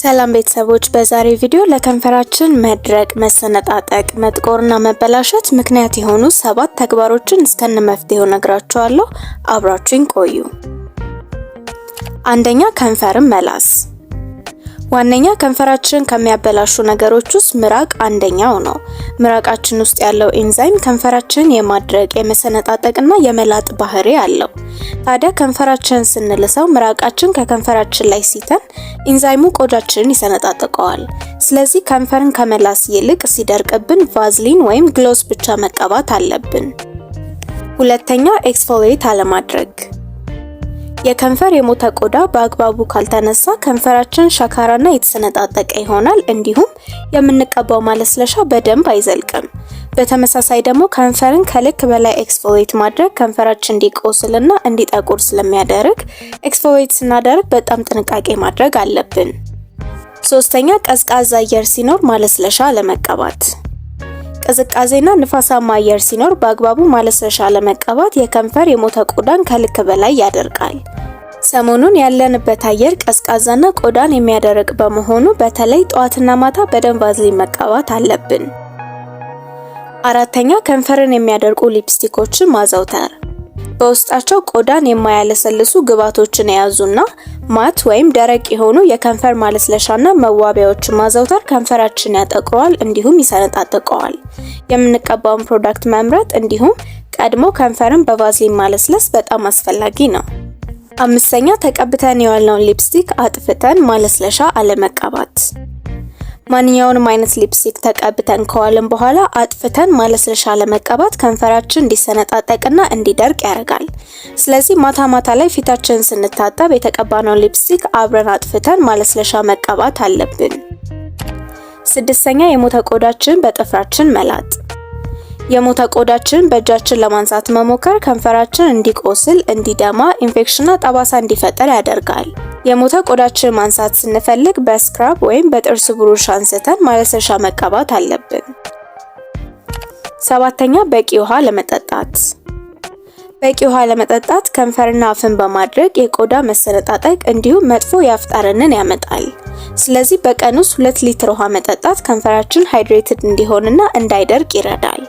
ሰላም ቤተሰቦች፣ በዛሬ ቪዲዮ ለከንፈራችን መድረቅ፣ መሰነጣጠቅ፣ መጥቆርና መበላሸት ምክንያት የሆኑ ሰባት ተግባሮችን እስከነ መፍትሄው ነግራችኋለሁ። አብራችን ቆዩ። አንደኛ ከንፈርን መላስ ዋነኛ ከንፈራችንን ከሚያበላሹ ነገሮች ውስጥ ምራቅ አንደኛው ነው። ምራቃችን ውስጥ ያለው ኤንዛይም ከንፈራችንን የማድረቅ የመሰነጣጠቅና የመላጥ ባህሪ አለው። ታዲያ ከንፈራችንን ስንልሰው ምራቃችን ከከንፈራችን ላይ ሲተን ኢንዛይሙ ቆዳችንን ይሰነጣጥቀዋል። ስለዚህ ከንፈርን ከመላስ ይልቅ ሲደርቅብን ቫዝሊን ወይም ግሎስ ብቻ መቀባት አለብን። ሁለተኛ ኤክስፎሌት አለማድረግ የከንፈር የሞተ ቆዳ በአግባቡ ካልተነሳ ከንፈራችን ሻካራና የተሰነጣጠቀ ይሆናል። እንዲሁም የምንቀባው ማለስለሻ በደንብ አይዘልቅም። በተመሳሳይ ደግሞ ከንፈርን ከልክ በላይ ኤክስፎሌት ማድረግ ከንፈራችን እንዲቆስልና እንዲጠቁር ስለሚያደርግ ኤክስፎሌት ስናደርግ በጣም ጥንቃቄ ማድረግ አለብን። ሶስተኛ ቀዝቃዛ አየር ሲኖር ማለስለሻ ለመቀባት ቅዝቃዜና ንፋሳማ አየር ሲኖር በአግባቡ ማለስለሻ ለመቀባት የከንፈር የሞተ ቆዳን ከልክ በላይ ያደርቃል። ሰሞኑን ያለንበት አየር ቀዝቃዛና ቆዳን የሚያደርቅ በመሆኑ በተለይ ጠዋትና ማታ በደንብ ቫዝሊን መቀባት አለብን። አራተኛ ከንፈርን የሚያደርቁ ሊፕስቲኮችን ማዘውተር በውስጣቸው ቆዳን የማያለሰልሱ ግብዓቶችን የያዙና ማት ወይም ደረቅ የሆኑ የከንፈር ማለስለሻና መዋቢያዎችን ማዘውተር ከንፈራችን ያጠቁረዋል እንዲሁም ይሰነጣጥቀዋል። የምንቀባውን ፕሮዳክት መምረጥ እንዲሁም ቀድሞ ከንፈርን በቫዝሊን ማለስለስ በጣም አስፈላጊ ነው። አምስተኛ ተቀብተን የዋልነውን ሊፕስቲክ አጥፍተን ማለስለሻ አለመቀባት። ማንኛውንም አይነት ሊፕስቲክ ተቀብተን ከዋልን በኋላ አጥፍተን ማለስለሻ ለመቀባት ከንፈራችን እንዲሰነጣጠቅና እንዲደርቅ ያደርጋል። ስለዚህ ማታ ማታ ላይ ፊታችንን ስንታጠብ የተቀባነውን ሊፕስቲክ አብረን አጥፍተን ማለስለሻ መቀባት አለብን። ስድስተኛ የሞተ ቆዳችን በጥፍራችን መላጥ። የሞተ ቆዳችን በእጃችን ለማንሳት መሞከር ከንፈራችን እንዲቆስል፣ እንዲደማ፣ ኢንፌክሽንና ጠባሳ እንዲፈጠር ያደርጋል። የሞተ ቆዳችን ማንሳት ስንፈልግ በስክራብ ወይም በጥርስ ብሩሽ አንስተን ማለሰሻ መቀባት አለብን። ሰባተኛ በቂ ውሃ ለመጠጣት በቂ ውሃ ለመጠጣት ከንፈርና አፍን በማድረግ የቆዳ መሰነጣጠቅ እንዲሁም መጥፎ የአፍ ጠረንን ያመጣል። ስለዚህ በቀን ውስጥ ሁለት ሊትር ውሃ መጠጣት ከንፈራችን ሃይድሬትድ እንዲሆንና እንዳይደርቅ ይረዳል።